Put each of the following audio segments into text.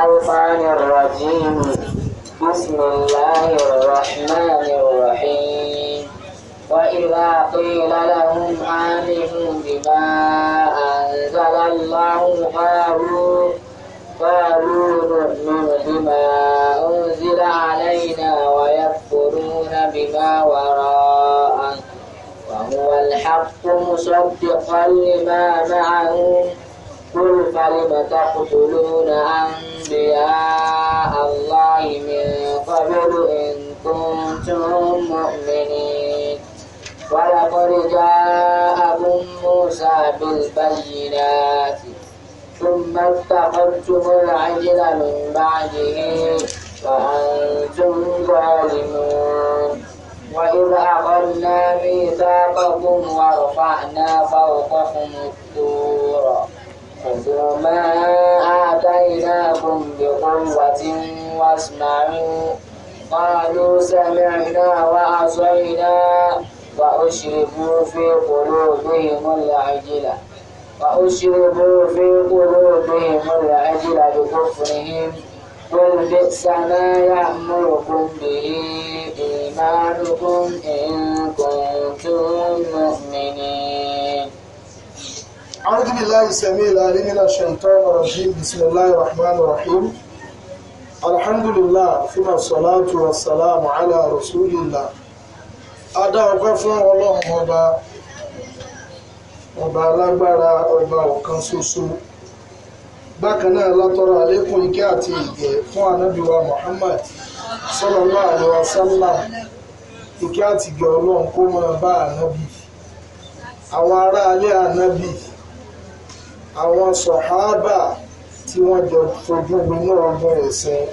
الشيطان الرجيم بسم الله الرحمن الرحيم وإذا قيل لهم آمنوا بما أنزل الله قالوا قالوا نؤمن بما أنزل علينا ويكفرون بما وراءه وهو الحق مصدقا لما معهم قل فلم تقتلون أنبياء الله من قبل إن كنتم مؤمنين ولقد جاءكم موسى بالبينات ثم اتخذتم العجل من بعده وأنتم ظالمون وإذ أخذنا ميثاقكم ورفعنا فوقكم الطور خذوا ما آتيناكم بقوة واسمعوا قالوا سمعنا وعصينا وأشربوا في قلوبهم العجلة وأشربوا في قلوبهم العجل بكفرهم قل بئس ما يأمركم به إيمانكم إن كنتم أعوذ بالله السميع العليم من الشيطان الرجيم بسم الله الرحمن الرحيم الحمد لله ثم الصلاة والسلام على رسول الله adá ọpẹ́ fún ọlọ́run ọba ọba alágbára ọba ọ̀kan ṣoṣo bákan náà látọrọ àlékún ìkẹ́ àti ìgẹ̀ fún anábìwa Muhammad sallallahu alaihi wasallam ìkẹ́ àti ìgẹ̀ ọlọ́run kó máa bá ànábì àwọn ará alẹ́ ànábì àwọn sọ̀háábà tí wọ́n jọ fojú inú ogun ẹ̀sìn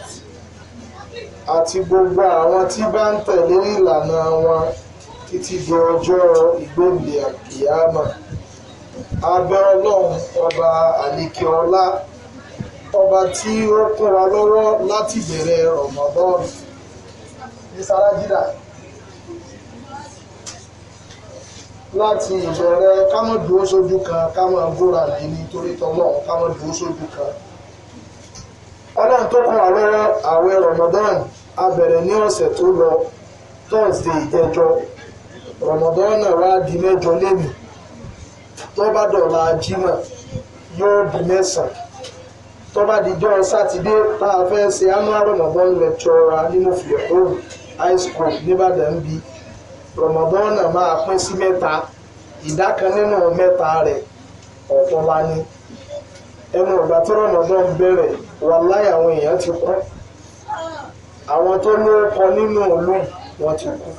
àti gbogbo àwọn tí bá ń tẹ̀lé ìlànà wọn títí di ọjọ́ ìgbòǹde àkìyámà abẹ́ ọlọ́run ọba àlekè ọlá ọba tí ó kún wa lọ́wọ́ láti bẹ̀rẹ̀ rọ̀mọ́dọ́ọ̀nù ní sárájìdá. láti ìbẹ̀rẹ̀ kámọ̀dúró sójú kan kámọ̀ gbóra sójú kan. ọlọ́run tó kún Ramadan abẹ̀rẹ̀ ní ọ̀sẹ̀ tó lọ Thursday ìjẹjọ Ramadan náà wá di mẹ́jọ lẹ́nu tó dọ̀la jimá yóò di mẹ́sàn sátidé tá ṣe Ramadan high rọmọdọ́nà máa pín sí mẹ́ta ìdá kan nínú mẹ́ta rẹ̀ ọ̀pọ̀ la ní ẹnu ọ̀gá tí rọmọdọ́n bẹ̀rẹ̀ láyé àwọn èèyàn ti kú àwọn tó lóókọ nínú òlù wọn ti kú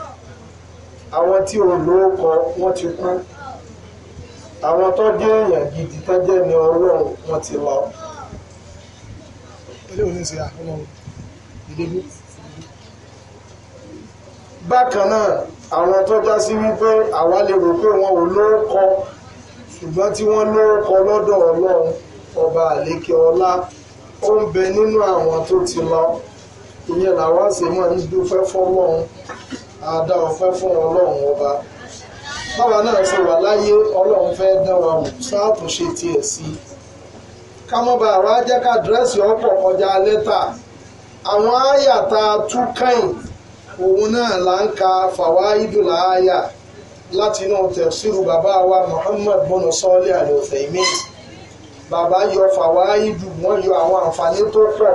àwọn tí wọn ti kú àwọn tó jẹ́ èèyàn gidi tó jẹ́ wọn ti lọ. àwọn tó já sí wípé àwa lè rò pé wọn ò lóókọ ṣùgbọ́n tí wọ́n lóókọ lọ́dọ̀ ọlọ́run ọba àlékè ọlá ó ń bẹ nínú àwọn tó ti lọ ìyẹn làwa sì máa ń dúpẹ́ fọlọ́run àdá ọ̀fẹ́ fún ọlọ́run ọba báwa náà ṣe wà láyé ọlọ́run fẹ́ dán wa wò ṣáàtúnṣe tiẹ̀ sí i ká mọ́ bá àwa jẹ́ ká dírẹ́sì ọ̀pọ̀ kọjá lẹ́tà àwọn àyà tá a tú kẹ́yìn òun náà là ń ka fàwáìdùl àyà láti inú tẹ̀síru bàbá wa Muhammad bọ́nà sọ́ọ́lì àlùfẹ̀mí bàbá yọ fàwáìdù wọ́n yọ àwọn àǹfààní tó pọ̀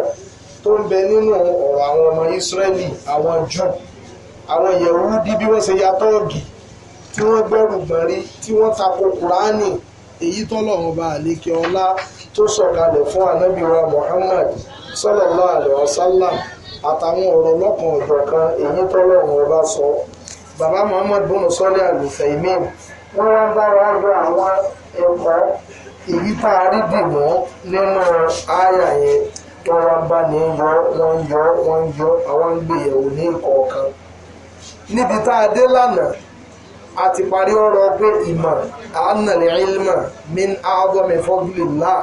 tó ń bẹ nínú ọ̀rọ̀ àwọn ọmọ Ísírẹ́lì àwọn jù àwọn Yẹhudi bí wọ́n ṣe ya tọ́ọ̀gì tí wọ́n gbẹ́rù gbẹ̀rí tí wọ́n tako kùránì èyí tọ́lọ́run bá àlékè ọlá tó sọ̀kalẹ̀ fún anábìwa Muhammad sallallahu alaihi wasallam àtàwọn ọ̀rọ̀ lọ́kàn ìjọ̀kan èyí tọ́lọ́run ọba sọ bàbá Muhammad bọ́nù sọ́lẹ̀ àlùfẹ́ ìmíì wọ́n wá bá wa gba àwọn ẹ̀kọ́ èyí tá a rí dìbò nínú àyà yẹn wọ́n wá bá ní yọ wọ́n yọ wọ́n yọ àwọn ń gbìyànjú ní ìkọ̀ọ̀kan níbi tá a dé lánàá a ti parí ọ̀rọ̀ pé ìmọ̀ àánàlẹ̀ ilmọ̀ min àádọ́mẹ̀fọ́gìlélá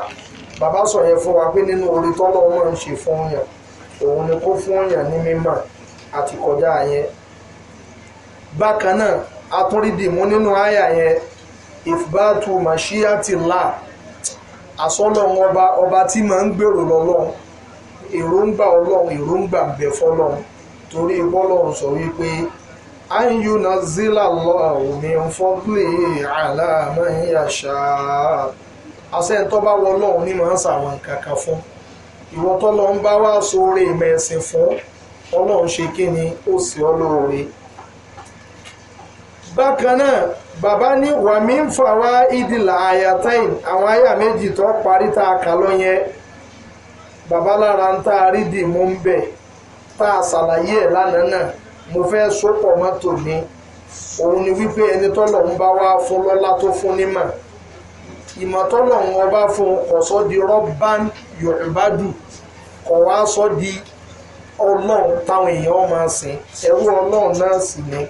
bàbá sọ yẹn fún wa pé nínú orí tọ́lọ́ wọn ń ṣe fún yàn òun ni kó fún èèyàn ní mímọ̀ àti kọjá yẹn bákan náà atúndìdìmú nínú àyà yẹn ìfúbátú ti là àsọ́lọ̀ ọba ọba tí máa ń gbèrò lọ́lọ́run èròǹgbà ọlọ́run èròǹgbà ń bẹ fọlọ́run torí bọ́lọ́run sọ wípé ayú na zila lọ àwòmí fọ́gbìlì àlàmọ́ yàṣà àṣẹ tó bá wọ ọlọ́run ní máa ń sàwọn kankan fún ìwọ tó lọ ń bá wá sóore ìmẹ̀sìn fún ọlọ́run ṣe kí ni ó sì ọlọ́ọ̀rẹ́ bákan náà bàbá ní wàmí ń fà wá ìdìlà àyàtẹ́yìn àwọn àyà méjì tó parí tá a yẹn bàbá lára ń tá a rí dì mú ń bẹ̀ tá a ṣàlàyé ẹ̀ lánàá náà mo fẹ́ sọ́pọ̀ mọ́tò ní òun ni wípé ẹni tọ́lọ̀ ń bá wá fún lọ́lá tó fún nímọ̀ ìmọ̀tọ́lọ̀ wọn bá fún ọ̀sọ́ di rọ́bán yorùbá dù kọ̀ wá di ọlọ́run táwọn èèyàn máa sìn ẹrú ọlọ́run náà sì ni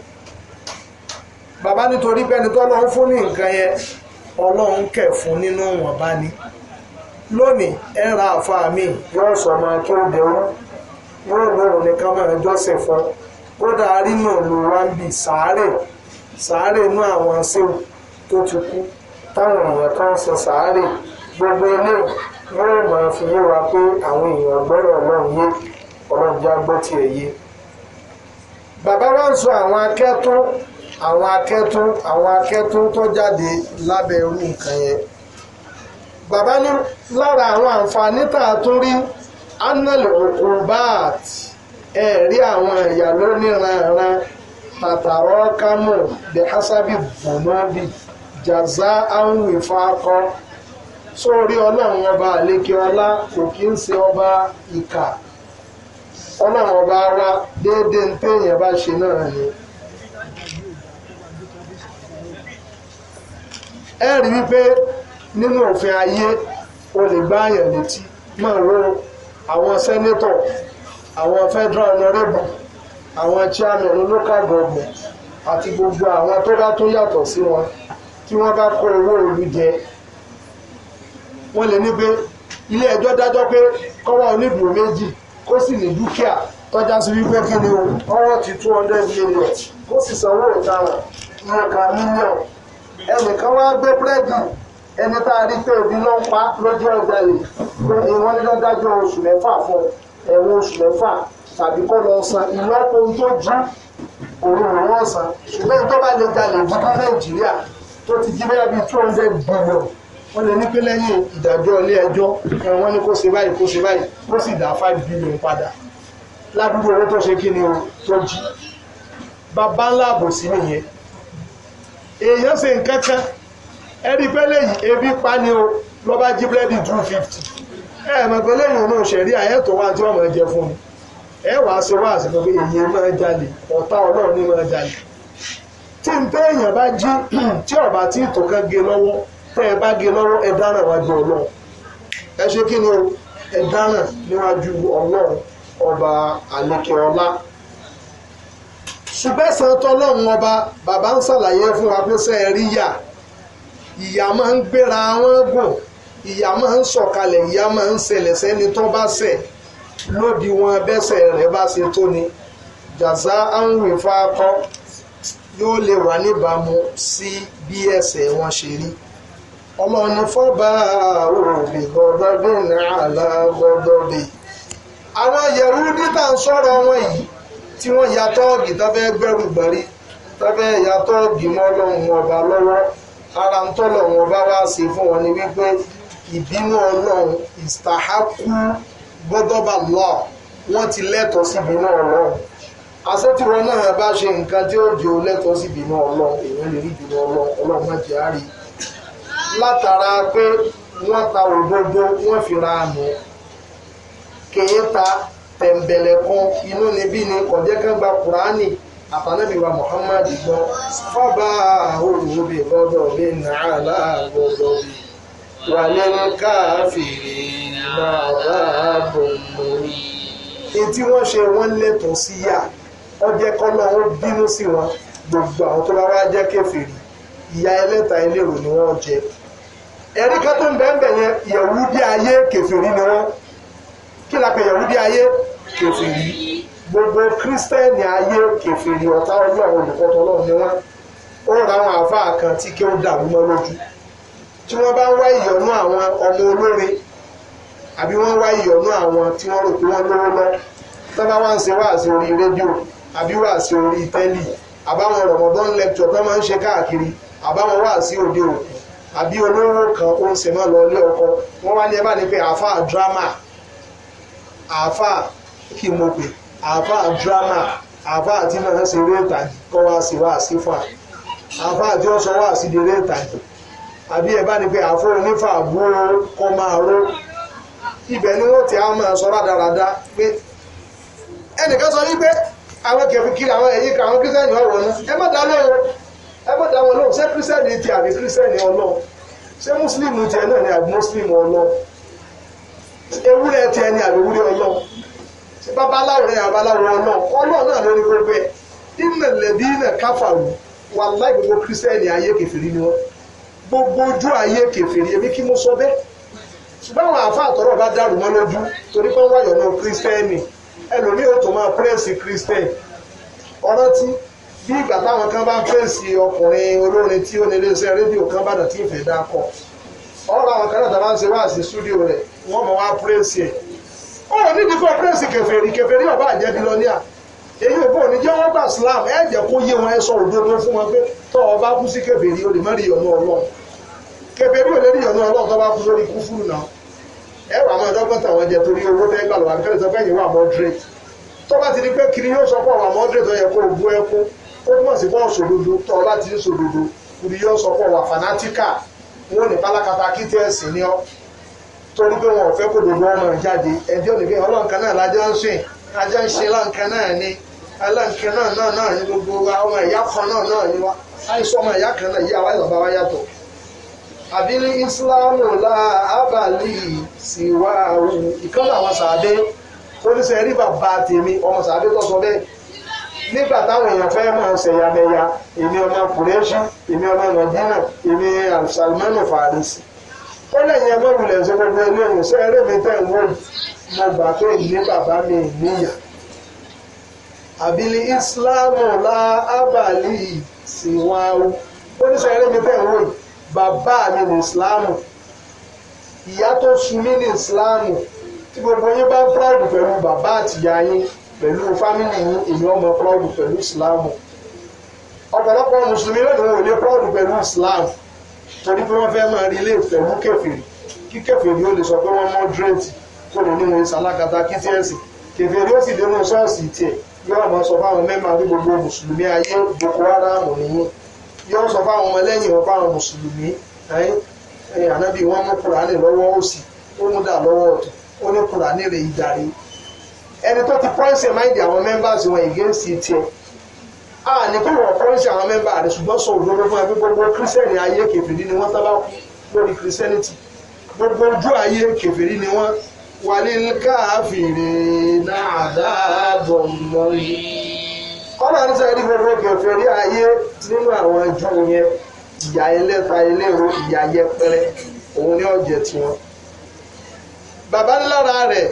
bàbá nítorí pẹ́ni tọ́lọ́run fún ní nǹkan yẹn ọlọ́run kẹ̀ fún nínú wọn bá ní lónìí ẹ ra àfa mi yóò sọ máa kí ó dẹrú lóòrùn jọ́sìn fún kódà ló wá ń sàárè sàárè inú àwọn sèw tó ti kú táwọn èèyàn kan ṣe sàárè gbogbo ilé yóò máa fi yé wa pé àwọn èèyàn gbọ́dọ̀ ọlọ́run yé ọlọ́run já gbọ́ tiẹ̀ yé. bàbá wa ń sọ àwọn akẹ́tún àwọn akẹ́tún àwọn akẹ́tún tó jáde lábẹ́ irú nǹkan yẹn. bàbá ní lára àwọn àǹfààní tá a tún rí anel okubat ẹ̀rí àwọn ẹ̀yà lóníranran tàtàrọ́ kámọ̀ bẹ́hásábì bùnmọ́bì. jàzá àwọn ìfakọ sórí ọlọ́run ọba àlékè ọlá kò kí ń ṣe ọba ìkà ọlọ́run ọba ara déédéé ń téèyàn bá ṣe náà ni. ẹ rí wípé nínú òfin ayé o lè gbá àyàn létí máa ro àwọn sẹ́nétọ̀ àwọn federal honorable àwọn chairman local àti gbogbo àwọn tó bá tó yàtọ̀ sí wọn tí wọ́n bá kó owó òlu jẹ wọ́n lè ní pé ilé ẹjọ́ dájọ́ pé kọ́wọ́ onídùú méjì kó sì ní dúkìá tọ́já sí wípé kí ni o ọwọ́ ti two hundred million kó sì sanwó ìtara nǹkan mílíọ̀n ẹnìkan wá gbé búrẹ́dì ẹni tá a rí pé òbí ló ń pa lójú ọjà rẹ̀ pé ìwọ́n ní dájọ́ oṣù mẹ́fà fún ẹ̀wọ̀n oṣù mẹ́fà tàbí kọ́ lọ san ìlọ́po tó jí òun òun ọ̀sán ṣùgbọ́n tó bá lè jalè dúdú Nàìjíríà tó ti jí bẹ́ẹ̀ bíi two hundred billion wọ́n lè ní pé lẹ́yìn ìdájọ́ ilé ẹjọ́ wọ́n ní kó ṣe báyìí kó ṣe báyìí kó sì dá five billion padà ládùúgbò owó tó ṣe kí ni o tó jí bàbá ńlá àbòsí nìyẹn èèyàn ṣe nǹkan kan ẹni pé lẹ́yìn ebi pa ni o ló bá jí búrẹ́dì two fifty ẹ ẹ̀ mọ̀ pé lẹ́yìn òun ṣẹ̀rí àyẹ̀tọ̀ wa tí wọ́n máa jẹ fún mi ẹ wàá ṣe wá àsìkò pé èyí máa jalè ọ̀tá ọlọ́run ní máa jalè tí n tẹ́ èèyàn bá jí tí ọ̀bá tí ìtọ̀kẹ́ gé lọ́wọ́ tẹ́ ẹ bá gé lọ́wọ́ ẹ dáràn wájú ọlọ́run ẹ ṣe kí ni o ẹ dáràn níwájú ọlọ́run ọba àlékè ọlá ṣùgbọ́n tọ́lọ́run ọba bàbá ń ṣàlàyé fún wa pé sẹ́ ẹ rí yà ìyà máa ń gbéra wọn gùn ìyà máa ń sọ̀kalẹ̀ ìyà máa ń ṣẹlẹ̀ sẹ́ni tó bá ṣẹ̀ lódiwọ̀n bẹ́sẹ̀ rẹ̀ bá ṣe tó ni jàzá àwọn ìfọ̀ akọ́ yóò lè wà níbàámu sí bí ẹsẹ̀ wọn ṣe rí ọlọ́ni fọ́ba òbí gbọ́dọ̀bí nàálà gbọ́dọ̀bí. àwọn yẹ̀rú dítà ń sọ̀rọ̀ wọn yìí tí wọ́n ya tọ́ọ̀gì tó fẹ́ gbẹ́rù gbẹ̀rí tó ya tọ́ọ̀gì mọ́ lọ́hùn ọba lọ́wọ́ ara ń tọ́lọ̀ wọn bá wá sí fún wọn ni wípé ìbínú ọlọ́run ìsàhákú gbọ́dọ̀bà lọ́ọ̀ wọ́n ti lẹ́tọ̀ọ́ síbínú ọlọ́run àṣetìrọ náà bá ṣe nǹkan tí ó jò lẹ́tọ̀ọ́ sí ìbínú ọlọ́run èèyàn lè rí ìbínú ọlọ́run ọlọ́run má jẹ́ àárí látara pé wọ́n ta òdodo wọ́n fi ra àmọ́ kèé ta tẹ̀m̀bẹ̀lẹ̀kun inú níbí ni kọ̀jẹ́kẹ́ gba kùránì àtànábì Muhammad gbọ́ fọ́ba olùwòbí lọ́dọ̀ bí nàálà lọ́dọ̀ bí wà nínú káfíìrì náà bá mọ́ ní. etí wọ́n ṣe wọ́n lẹ́tọ̀ọ́ sí yá ó jẹ́ kọ́lọ́ ó bínú sí wọn gbogbo àwọn tó bá wá jẹ́ kèfèrí ìyà ẹlẹ́ta ẹlẹ́rò ni wọ́n jẹ ẹ̀rí kan tó ń bẹ́ẹ̀ yẹn Yẹ̀húdí ayé kèfèrí ni wọ́n kí la pè Yẹ̀húdí ayé kèfèrí gbogbo kírísítẹ́nì ayé kèfèrí ọ̀tá ọjọ́ àwọn olùkọ́tọ̀ náà ni wọ́n ó ra àwọn àáfàá kan tí kí ó dàrú mọ́ lójú tí wọ́n bá ń wá ìyọ̀nú àwọn ọmọ olórin àbí wọ́n wá ìyọ̀nú àwọn tí wọ́n rò pé wọ́n lówó lọ tọ́ bá wá ń ṣe wáàsí orí rédíò abiwa wàásí orí tẹ́lì àbáwọn rọ̀mọ̀dán lẹ́kítọ̀ pé máa ń ṣe káàkiri àbáwọn wàásí òde òkú àbí olówó kan ó ń ṣe mọ́ lọ ilé ọkọ wọ́n wá ní ẹ ní pé àáfàá drama àáfàá kí mo pè àáfàá drama àáfàá tí máa ń ṣe eré ìtàgé kọ́ wá sí wàásí fún wa àáfàá tí ó sọ wàásí di eré ìtàgé àbí ẹ bá ní pé àáfàá onífàá gbóró kọ́ máa ró ibẹ̀ ni wọ́n ti á máa sọ rádaràda pé ẹnìkan sọ wípé àwọn kẹfì kiri àwọn ẹ̀yìn kan àwọn kírísítẹ́nì ọ̀rọ̀ náà ẹ má dá lóhùn ẹ má dá wọn lóhùn ṣé kírísítẹ́nì ti àbí kírísítẹ́nì ọlọ́run ṣé mùsùlùmí tiẹ̀ náà ni àbí mùsùlùmí ọlọ́run ewúrẹ́ tiẹ̀ ni àbí ewúrẹ́ ọlọ́run ṣé babaláwo rẹ̀ babaláwo ọlọ́run ọlọ́run náà ló ní gbogbo ẹ̀ ìnàlẹ́bí ìnà káfàrú wàláì gbogbo kírísítẹ́nì ayé kẹfìrí ni wọ́n gbogbo ojú ayé kẹfìrí èmi kí mo sọ bẹ́ẹ̀ ṣùgbọ́n àwọn àfa àtọ̀rọ̀ bá dàrú mọ́ lójú torí pé wọ́n wáyọ̀ náà kírísítẹ́nì ẹlòmíì ò tó máa pírẹ́sì christian ọ̀rọ̀ tí bí ìgbà táwọn kan bá ń pírẹ́sì ọkùnrin olórin tí ó ní iléeṣẹ́ rédíò kan bá dàn tí ìfẹ́ dá kọ̀ ọ̀rọ̀ àwọn kan náà tàbá ń ṣe wá sí stúdíò rẹ̀ wọ́n mọ̀ wá pírẹ́sì ẹ̀ ọ̀rọ̀ nídìí fún pírẹ́sì kèfèrí kèfèrí ọ̀bá àjẹbílọ́níà èyí ò bọ̀ ní jẹ́ wọ́n gbà Islam ẹ jẹ́ kó yé wọn ẹ sọ òdodo fún wọn pé tọ́ ọ bá kú sí kèfèrí o lè má rí ìyọ̀nù Ọlọ́run kèfèrí ò lè rí ìyọ̀nù Ọlọ́run tó ẹ̀rọ àwọn ẹ̀dọ́gbọ̀n tàwọn jẹ torí owó lẹ́gbà lọ́wọ́ àbíkẹ́lẹ̀ sọ fẹ́yìn wà moderate tó bá ti di pé kiri yóò sọ pé ọ̀wà moderate tó yẹ kó bú ẹkú ó túmọ̀ sí fún òṣòdodo tó ọba ti ń ṣòdodo kiri yóò sọ pé ọ̀wà fanatical wọn ò ní pálákàtà kí tẹ́ ẹ̀sìn ni ọ́ torí pé wọn ò fẹ́ kó dodo ọmọ jáde ẹbí ò ní fi ọlọ́nkan náà lájọ́ ń sìn ajá ń ṣe láǹkan náà ni aláǹkan náà náà náà ni gbogbo ọmọ ìyá kan náà náà ni wá àìsàn ọmọ ìyá àbílí ìsìláàmù láàbàlì síwá òun ìkọ́lá àwọn sàádé tó ní sọ ẹ̀rí bàbá tèmi ọmọ sàádé tó sọ bẹ́ẹ̀ nígbà táwọn èèyàn fẹ́ máa ṣẹ̀yàmẹ̀yà èmi ọmọ kùrẹ́ṣù èmi ọmọ nàìjíríà èmi àṣàlùmọ́nù fàrísì ó lẹ́yìn ẹgbẹ́ ìrùlẹ̀ ṣe gbogbo ilé ìwò ṣe eré mi tẹ̀ wọ́n mo gbà pé ìní bàbá mi níyà àbílí ìsìláàmù láàbàlì síwá òun ó ní sọ eré mi tẹ̀ wọ́n bàbá mi ní ìsìláàmù ìyá tó sun mí ní ìsìláàmù tí gbogbo yín bá proud pẹ̀lú bàbá àtìyá yín pẹ̀lú fámìlì yín èmi ọmọ proud pẹ̀lú ìsìláàmù ọ̀pọ̀lọpọ̀ mùsùlùmí lónìí wọn ò lè proud pẹ̀lú ìsìláàmù torí pé wọ́n fẹ́ máa rí ilé pẹ̀lú kẹfìrì kí kẹfìrì ó lè sọ pé wọ́n moderate kó lè ní wọn ìsàlákàtà kí tí ẹ̀ sì kẹfìrì ó sì dénú ṣọ́ọ̀ṣì tiẹ̀ yóò máa sọ fáwọn mẹ́mbà ní gbogbo mùsùlùmí ayé Boko Haram nìyí yọ sọ fáwọn ọmọlẹ́yìn wọn fáwọn mùsùlùmí ànábì wọn mú kùránì lọ́wọ́ òsì ó mú dà lọ́wọ́ ọ̀tún ó ní kùránì rẹ̀ ìdarí ẹni tó ti pọ́ǹsì máìdì àwọn mẹ́mbàsì wọn against tiẹ̀ a ní kó wọ́n pọ́ǹsì àwọn mẹ́mbà rẹ̀ ṣùgbọ́n sọ òdodo fún ẹbí gbogbo kírísẹ́nì ayé kẹfìrí ni wọ́n sábà lórí kírísẹ́nìtì gbogbo ojú ayé kẹfìrí ni wọ́n wàlíkáfìrí náà dáàbò mọ́rí kọ́nà ní sẹ́yìn fẹ́fẹ́ kẹfẹ́ rí ayé nínú àwọn ju yẹn ìyá ẹlẹ́ta ẹlẹ́rọ ìyá yẹpẹrẹ òun ní ọ̀jẹ̀ tiwọn. bàbá ńlára rẹ̀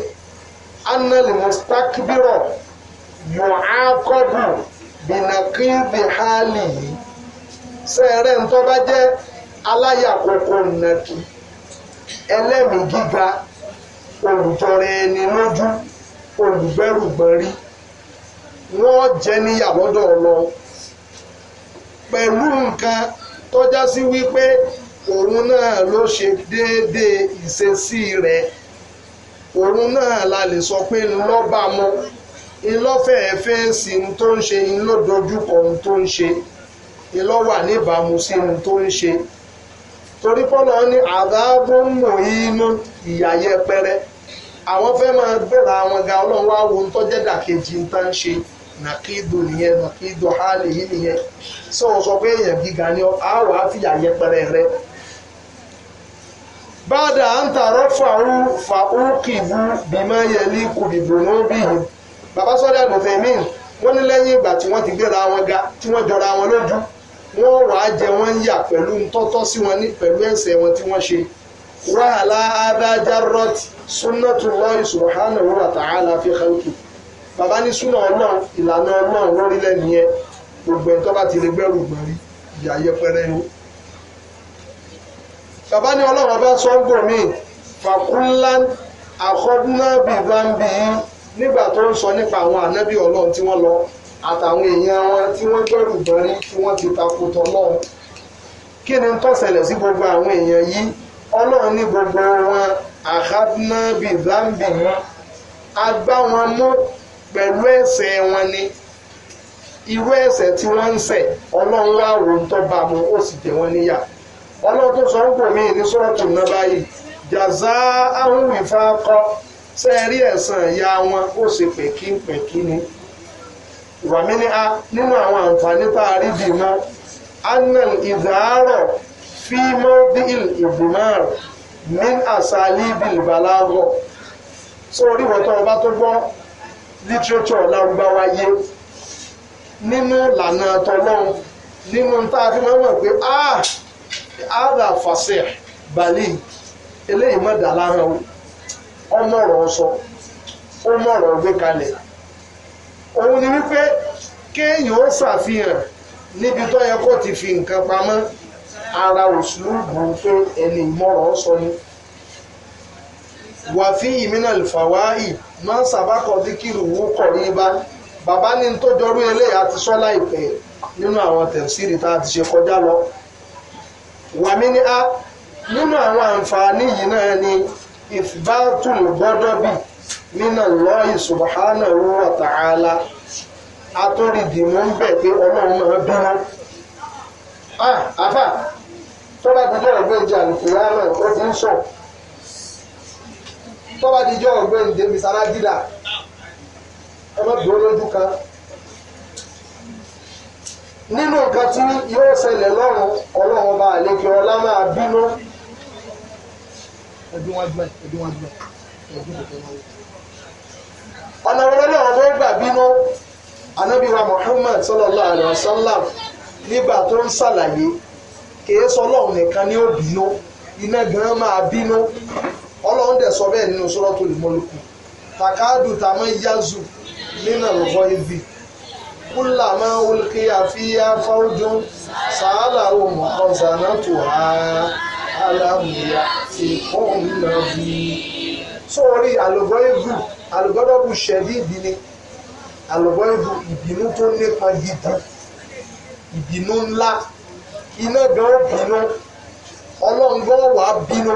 anali mustakbiro yu'aqabu bìnàkìndì hali yìí sẹ́ẹ̀rẹ́ ńtọ́ bá jẹ́ aláyàkókò nàkì ẹlẹ́mìí gíga olùjọrẹ ẹni lójú olùgbẹ́rùgbọ́n wọ́n jẹ níyà lọ́dọ̀ lọ pẹ̀lú nǹkan tọ́já sí wípé òun náà ló ṣe déédéé ìṣesí rẹ̀ òun náà la lè sọ pé ńlọ́ba mọ ńlọ́fẹ̀ẹ́ fẹ́ẹ́sì ń tó ń ṣe ńlọ́dojúkọ ń tó ń ṣe ńlọ́wà níbàámu sí ń tó ń ṣe torí pọ́nà ní àdáàbòmọ̀ inú ìyà yẹpẹrẹ àwọn fẹ́ máa gbéra àwọn ga ọlọ́run wá wo ń tọ́jẹ́dà kejì ń tá ṣe nàkídò nìyẹn nàkídò hálì yìí nìyẹn sọ wọn sọ pé èèyàn gíga ni ọ á wàá fìyà yẹpẹrẹ rẹ. bàdà àǹtà rọ́fà ń fa òkìwú bímọ yẹlí kùdìbò lóbìyì bàbá sọ́dọ̀ àgùntàn mi wọ́n ní lẹ́yìn ìgbà tí wọ́n ti gbéra wọn ga tí wọ́n jọra wọn lójú wọ́n wàá jẹ wọ́n yà pẹ̀lú ntọ́tọ́ sí wọn ní pẹ̀lú ẹ̀ṣẹ̀ wọn tí wọ́n ṣe wàhálà adájárọ́tì sunnatullahi subhanahu wa ta'ala fi khalqi bàbá ní súnà ọlọ́run ìlànà ọlọ́run lórílẹ̀ nìyẹn gbogbo ẹ̀ tó bá ti lè gbẹ́rù gbọ̀n rí ìyá yẹpẹrẹ ni. bàbá ní ọlọ́run ọba sọ́ńgò míì fàkúńlá àkọ́dúnábì bámbì nígbà tó ń sọ nípa àwọn ànábì ọlọ́run tí wọ́n lọ àtàwọn èèyàn wọn tí wọ́n gbẹ́rù gbọ̀n rí tí wọ́n ti takò tọ́lọ́run kí ni tó sí gbogbo àwọn èèyàn yìí ọlọ́run ní gbogbo wọn àkàdúnábì bámbì wọn a wọn mú pẹ̀lú ẹ̀ṣẹ̀ wọn ni irú ẹ̀ṣẹ̀ tí wọ́n ń ṣẹ̀ ọlọ́run wá rò ń tọ́ bá mu ó sì tẹ̀ wọ́n níyà ọlọ́run tó sọ ń pò mí ní sọ́ọ̀tù náà báyìí jàzá àwọn ìfà kọ́ sẹ́ẹ̀rí ẹ̀sán ìyá wọn ó ṣe pẹ̀kínpẹ̀kí ni wàmíní a nínú àwọn àǹfààní tá a rí dì mọ́ anan ìdáárọ̀ fímọ́ bíl ìbùmọ́r min àṣà líbìl bàlágọ̀ sórí wọ́tọ́ ọba tó gbọ́ literature lárúbáwá yé nínú ìlànà tọlọ́run nínú tá a fi máa mọ̀ pé áàdà fàṣẹ bàálì eléyìí mọ̀ dà láhàn o ọmọ ọ̀rọ̀ sọ ọmọ ọ̀rọ̀ gbé kalẹ̀ òun ni wípé kéèyàn ó ṣàfihàn níbi tó yẹ kó ti fi nǹkan pamọ́ ara òṣùlùbù pé ẹni ìmọ̀ràn sọ ni wàfíì mínà lùfàwáì máa ń sàbákọ̀ díkìrì wò kọ̀rí bá bàbá ní tó eléyà ti sọ láìpẹ́ nínú àwọn tẹ̀síìrì tá ti ṣe kọjá lọ. wàmí nínú àwọn àǹfààní yìí náà ni ìfibátùn gbọ́dọ̀ bì nínú lọ́ọ̀yì ń bẹ̀ pé ọlọ́run máa bẹ́rẹ̀. Ah, àfà tó bá ti ìjà nìkúrẹ́ ó ti ń sọ̀rọ̀. tọ́ba di jọ ọ̀gbẹ́ǹde misara dídà ẹ má dúró lójú kan nínú nǹkan tí yóò ṣẹlẹ̀ lọ́rùn ọlọ́run ọba àlejò ọlá máa bínú ẹbí wọn gbà bínú anábìwa Muhammad sallallahu alayhi nígbà tó ń ṣàlàyé dẹ̀ sọ bẹ́ẹ̀ nínú Suratul Mulk takadu tamayyazu minal ghayzi kullama ulqiya fiha fawjun sa'alahum khazanatuha alam ya'tikum nadhir sórí àlùbọ́ìbù àlùbọ́dọ́bù ṣẹ̀dí ìdíni àlùbọ́ìbù ìbínú tó nípa gidi ìbínú ńlá iná gan bínú ọlọ́ngbọ́n wà bínú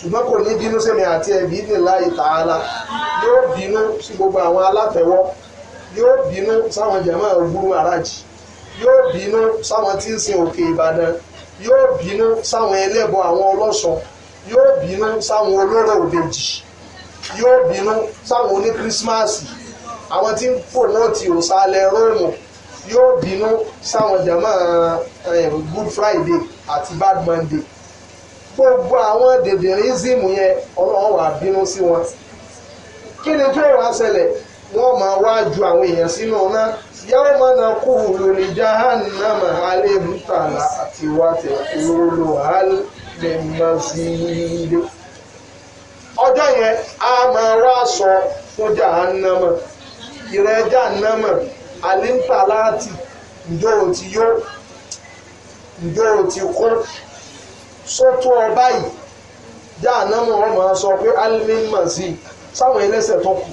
ṣùgbọ́n kò ní bínú sẹ́mi àti ẹ̀bí ní láì tààlà yóò bínú sí gbogbo àwọn aláfẹ̀wọ́ yóò bínú sáwọn jẹ̀mọ́ ògbúrú àràjì yóò bínú sáwọn tí ń sin òkè ìbàdàn yóò bínú sáwọn ẹlẹ́bọ àwọn ọlọ́sọ yóò bínú sáwọn olóró òbejì yóò bínú sáwọn oní kírísímàsì àwọn tí ń promote òsàlẹ̀ róòmù yóò bínú sáwọn jẹ̀mọ́ eh, good friday àti bad monday gbogbo àwọn dèdèrìsìmù yẹn ọlọ́run wà bínú sí wọn kí ni tó wàá ṣẹlẹ̀ wọ́n máa wá ju àwọn èèyàn sínú ọ̀nà yàrá máa na kú lórí jahannama alébùtàlà àti wàtẹ̀ olóró alẹ́mọ́sílẹ̀ ọjọ́ yẹn a máa wá sọ fún jahannama ìrẹ́ jahannama àti ǹjọ́ yó ǹjọ́ sótú ọ báyìí jáànámù ọmọ sọ pé alimin mazi sáwọn ẹlẹ́ṣẹ̀ tó kù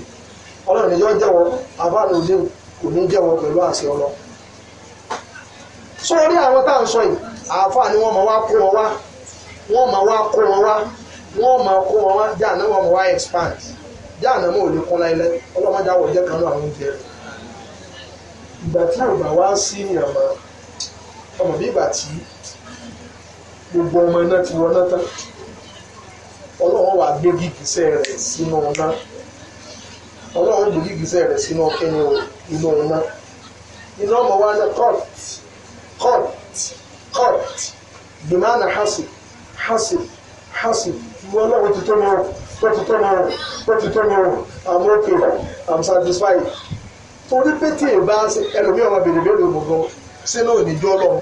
ọlọ́run ìjọ jẹ́wọ́ àbáàlú ní kò ní jẹ́wọ́ pẹ̀lú àṣẹ ọlọ sórí àwọn tá à ń sọ yìí àáfàá ni wọ́n máa wá wọn wá wọ́n máa wá wọn wá wọ́n máa kó wọn wá jáànámù ọmọ wá expand jáànámù ò lè kún láyé ọlọ́mọdé àwọ̀ kan àwọn oúnjẹ ìgbà tí àgbà wá sí ìyàmà gbogbo ọmọ iná ti wọná tán ọlọ́run wàá gbé gìgísẹ̀ rẹ̀ sínú ọ̀nà ọlọ́run gbé gìgísẹ̀ rẹ̀ sínú ọ̀kẹ́ni inú ọ̀nà iná ọmọ wa ní kọ́t kọ́t kọ́t gbìmánà hasid hasid hasid ìwọ ọlọ́run ti tó mọ́ ó ti tó mọ́ ó ti tó mọ́ i'm okay i'm satisfied torí pété ìbá ẹlòmíràn ọmọbìnrin mélòó gbogbo sínú ìníjú ọlọ́run.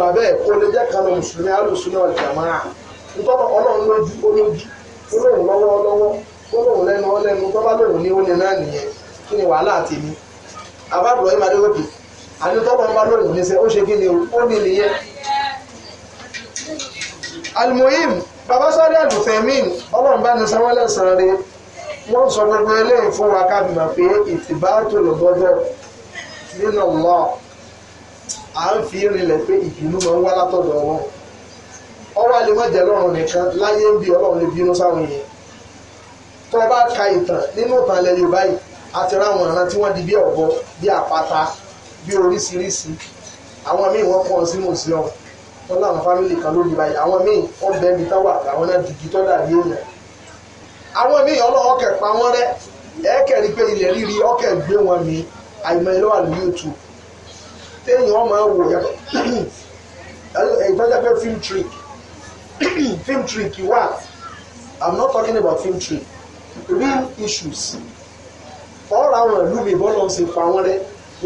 gbà bẹ́ẹ̀ kó lè jẹ́ kanu mùsùlùmí alùsùnà ọ̀jàmáà nítorí ọlọ́run lójú olójú olóhùn lọ́wọ́ lọ́wọ́ olóhùn lẹ́nu ọlẹ́nu tó bá lóhùn ní oní náà nìyẹn kí ni wàhálà tèmi àbábọ̀ ìmọ̀ adéwòkè àdétọ́gbọ̀ ń bá lóhùn ní sẹ́ ó ṣe kí ni ó ní nìyẹn. alimoyim babasari alufemin ọlọ́run bá ní sanwó lẹ́sàn-án rẹ̀ wọ́n sọ gbogbo eléyìí fún wa kábìmọ̀ pé ìtìbá tó lọ́gọ́dọ̀ nínú Allah à ń fi rinlẹ̀ pé ìbínú máa ń wá látọ̀dọ̀ wọn ọwọ́ alẹ́ má jẹ́ lọ́rùn nìkan láyé ń bí ọlọ́run lè bínú sáwọn yẹn tó o bá ka ìtàn nínú ìtàn ilẹ̀ yorùbá yìí àti ráwọn ìran tí wọ́n di bí ọ̀bọ bí àpáta bí oríṣiríṣi àwọn míì wọ́n kọ́ ọ sí museum wọn láwọn fámìlì kan ló di báyìí àwọn míì wọ́n bẹ́ẹ̀ mi táwà àwọn náà dìgí tó dàbí èèyàn àwọn míì ọlọ́wọ́ kẹ̀ pa wọ́n rẹ́ ẹ̀ẹ́kẹ̀ rí pé ilẹ̀ rírí ọkẹ̀ gbé wọn mi àìmọ̀ ẹ̀ lọ́wọ́ àlùyé téèyàn ọmọ wò yàtọ̀ ìgbẹ́jẹ́ pé film trick film trick wà i'm not talking about film trick real issues ọ̀rọ̀ àwọn ìlú mi bọ́lá ń ṣe fa wọn rẹ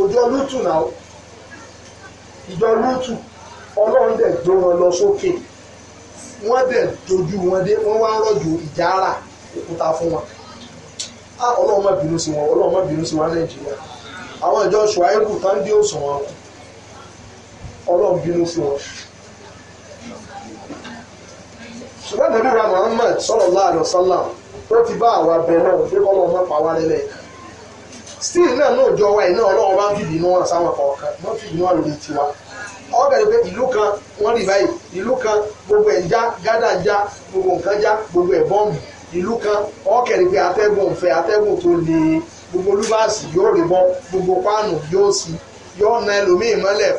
ojú ọlútù náà ìjọ lútù ọlọ́run dẹ̀ gbé wọn lọ sókè wọ́n dẹ̀ dojú wọn dé wọ́n wá rọ̀jò ìjàrà òkúta fún wọn ah, ọlọ́run má bínú sí wọn ọlọ́run má bínú sí wọn nàìjíríà àwọn ìjọ ṣùáìbù tán dé òsùn wọn kù ọlọ́run bínú fún wọn. ṣùgbọ́n nàbí ra Muhammad sallallahu alaihi wasallam ó ti bá àwa bẹ̀ náà pé kọ́ náà iná ọlọ́run bá ń fìdí inú wọn sáwọn kọ̀ọ̀kan wọ́n kan wọ́n rí báyìí kan gbogbo ẹ̀ já gbogbo nǹkan gbogbo ẹ̀ bọ́ọ̀mù kan pé atẹ́gùn òfẹ́ atẹ́gùn tó le gbogbo yóò rí gbogbo páànù yóò sí yóò na ẹlòmíì mọ́lẹ̀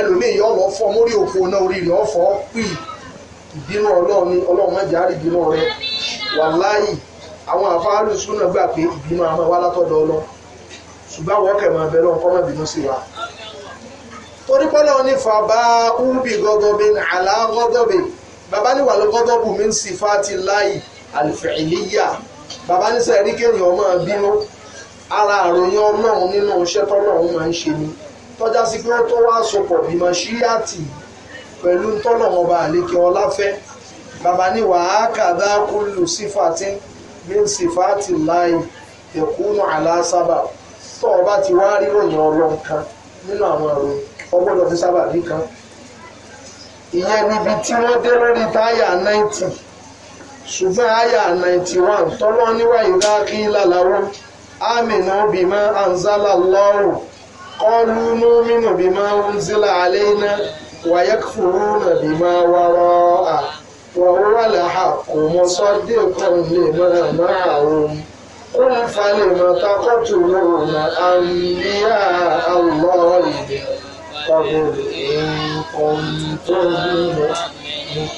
ẹlòmíì yọ lọ fọ mórí òfo náà orí ìlọ fọ pì ìbínú ọlọ́run ni ọlọ́run mọ̀jà rí ìbínú rẹ wàláyì àwọn àfáàlù súnà gbà pé ìbínú àmọ́ wá látọ̀dọ̀ ọlọ́ ṣùgbọ́n àwọn ọkẹ̀ máa bẹ lọ́n kọ́ bínú sí wa torí pọ́lọ́ ní fàbá ubi gọ́gọ́bìn àlá gọ́gọ́bìn bàbá ní wàlú gọ́gọ́bù mi ń sì fáti láì àlìfẹ̀ẹ́lìyà bàbá ní sẹ́ẹ̀rí kéèyàn máa bínú ara àròyìn ọlọ́run tọ́já sí pé ó tó wá sopọ̀ bímọ ṣíyàtì pẹ̀lú tọ́nà ọba àlékè ọláfẹ́ bàbá ní wàá kàdá kúlù sífàtí bí sífàtì láì ẹ̀kúnù aláṣábà tó ọba ti wá ríròyìn ọlọ́run kan nínú àwọn ọ̀rọ̀ ọgbọ́dọ̀ fi sábà bí kan ìyẹn níbi tí wọ́n dé lórí táyà 90 ṣùgbọ́n àyà 91 tọ́lọ́ níwáyé dákí lálàó àmì náà bímọ anzala lọ́rùn. قالوا نؤمن بما أنزل علينا ويكفرون بما وراءه وهو الحق مصدقا لما معهم قل فلم تقتلون أنبياء الله قبل إن كنتم مؤمنين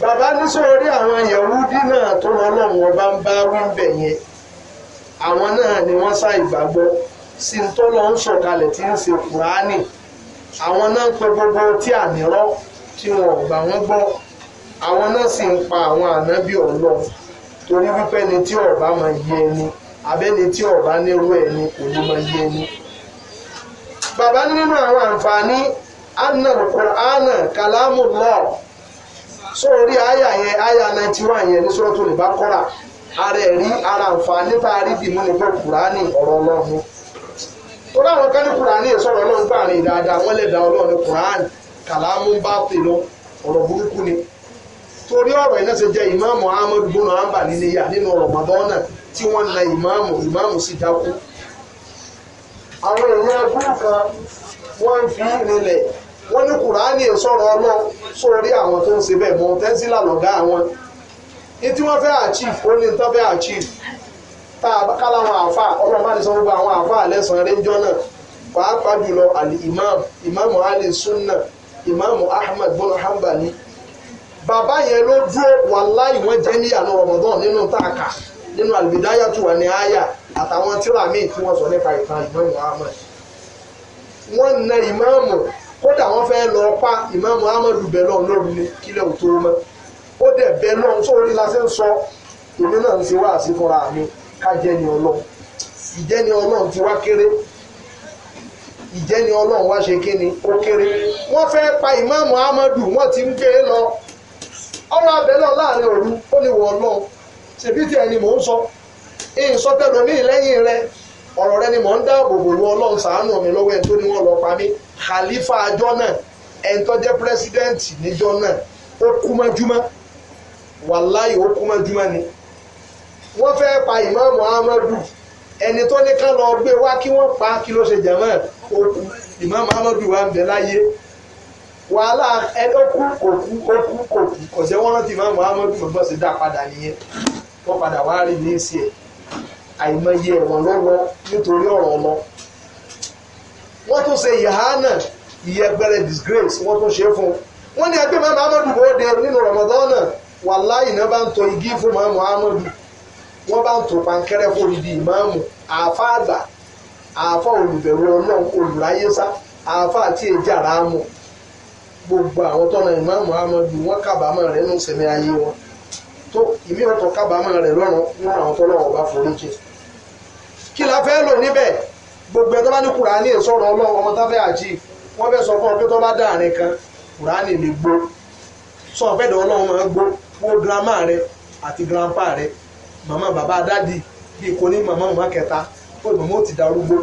bàbá ní sórí àwọn yahudi náà tó wọn bá ń bá wí bẹ̀yẹn àwọn náà ni wọ́n sí ń tọ́lọ ń sọ̀kalẹ̀ tí ń ṣe kùránì àwọn náà ń pe gbogbo tí ànírọ́ tí wọn ò gbà wọ́n gbọ́ àwọn náà sì ń pa àwọn ànábì ọ̀lọ́ torí wípé ni tí ọ̀bá máa yé ẹni abẹ́ni tí ọ̀bá nírú ẹni kò ní máa yé ẹni. bàbá nínú àwọn àǹfààní anal qur'ana kalamullah sórí àyà yẹn àyà ninety one yẹn ní suratul baqara ara ẹ̀rí ara àǹfààní tá a rí dìmú nípa kùránì ọ̀rọ̀ ọlọ́run tó dáwọn kan ní kùránì sọ̀rọ̀ ọlọ́run gbà rìn dáadáa wọ́n lẹ́dàá ọlọ́run ní kùránì kàlámù bá pè ọ̀rọ̀ burúkú ni torí ọ̀rọ̀ iná ṣe jẹ́ ìmáàmù ahmed bono amba níléyà nínú Ramadan tí wọ́n na ìmáàmù ìmáàmù sì dákú. àwọn èèyàn ẹgbẹ́ kan fi ìrìnlẹ̀ wọ́n ní sọ̀rọ̀ ọlọ́run sórí àwọn tó ń tá a bá ká láwọn àáfà ọlọ́run bá ní sọ gbogbo àwọn àáfà lẹ́sàn-án rẹ́jọ́ náà pàápàá jùlọ àlè imam imam ali sunna imam ahmad bin hanbali bàbá yẹn ló dúró wàláì wọ́n jẹ́ níyànú ramadan nínú tààkà nínú àlùbídáyà tó wà ní àyà àtàwọn tíra míì tí wọ́n sọ nípa ìtàn imam ahmad wọ́n na imam kódà wọ́n fẹ́ lọ pa imam ahmad bẹ̀lọ́ lórí kílẹ̀ òtó mọ́ ó dẹ̀ bẹ̀lọ́ sórí la ṣe ń sọ èmi náà ń ṣe wáàsí fúnra mi kájẹ́ ni ọlọ́run ìjẹ́ ni ọlọ́run ti wá kéré ìjẹ́ ni ọlọ́run wá ṣe kí ni ó kéré wọ́n fẹ́ pa ìmáàmù Ahmadu wọ́n ti ń gbé e lọ ọ̀rọ̀ abẹ́lẹ̀ láàrin òru ó ní wọ ọlọ́run ṣèbí tí ẹni mò ń sọ ìsọ tẹ̀lé mi lẹ́yìn rẹ ọ̀rọ̀ rẹ ni mò ń dáàbò bò lu ọlọ́run ṣàánú mi lọ́wọ́ ẹni tó ní wọ́n lọ pa mí khalifa àjọ náà ẹni tó jẹ́ pírẹsidẹ́ǹtì níjọ náà ó kú mọ́júmọ́ wàláyé ó kú mọ́júmọ́ ni wọ́n fẹ́ pa ìmáàmù ahmadu ẹni tó ní ká lọ gbé wá kí wọ́n pa kí ló ṣe jẹ̀mọ́ òkú ìmáàmù ahmadu wa ń bẹ láyé wàhálà ẹni òkú òkú òkú òkú ọ̀sẹ̀ wọ́n rántí ìmáàmù ahmadu mọ̀gbọ́n sì dá padà nìyẹn wọ́n padà wá rí ní ìsì ẹ̀ àìmọye ẹ̀wọ̀n lọ́wọ́ nítorí ọ̀rọ̀ ọmọ wọ́n tún ṣe ìhánà ìyẹgbẹrẹ disgrace wọ́n tún ṣe fún un wọ́n ní ẹgbẹ́ mọ́mọ́ ahmadu bóde nínú rọ̀mọ́dọ́nà wàláì náà bá ń tọ igi fún mọ́mọ́ ahmadu wọ́n bá ń tò pankẹ́rẹ́ fórí di ìmáàmù àáfà àgbà àáfà olùbẹ̀rù ọlọ́run olùráyésá àáfà àti èjì àràámù gbogbo àwọn tọ́nà ìmáàmù amadu wọ́n kábàámọ̀ rẹ̀ nù sẹ́mi ayé wọn tó ìmí ọ̀tọ̀ kábàámọ̀ rẹ̀ lọ́rùn nínú àwọn tọ́nà ọba foríjì kí la fẹ́ lò níbẹ̀ gbogbo ẹ̀ tó bá ní kùránì sọ̀rọ̀ ọlọ́run ọmọ tá àjì wọ́n fẹ́ sọ fún ọ pé tó bá dáàrin kan kùránì lè gbó sọ ọlọ́run máa gbó wó grandma rẹ àti grandpa rẹ màmá bàbá dádì bíi kò ní màmá màmá kẹta ó lè o ó ti darúgbó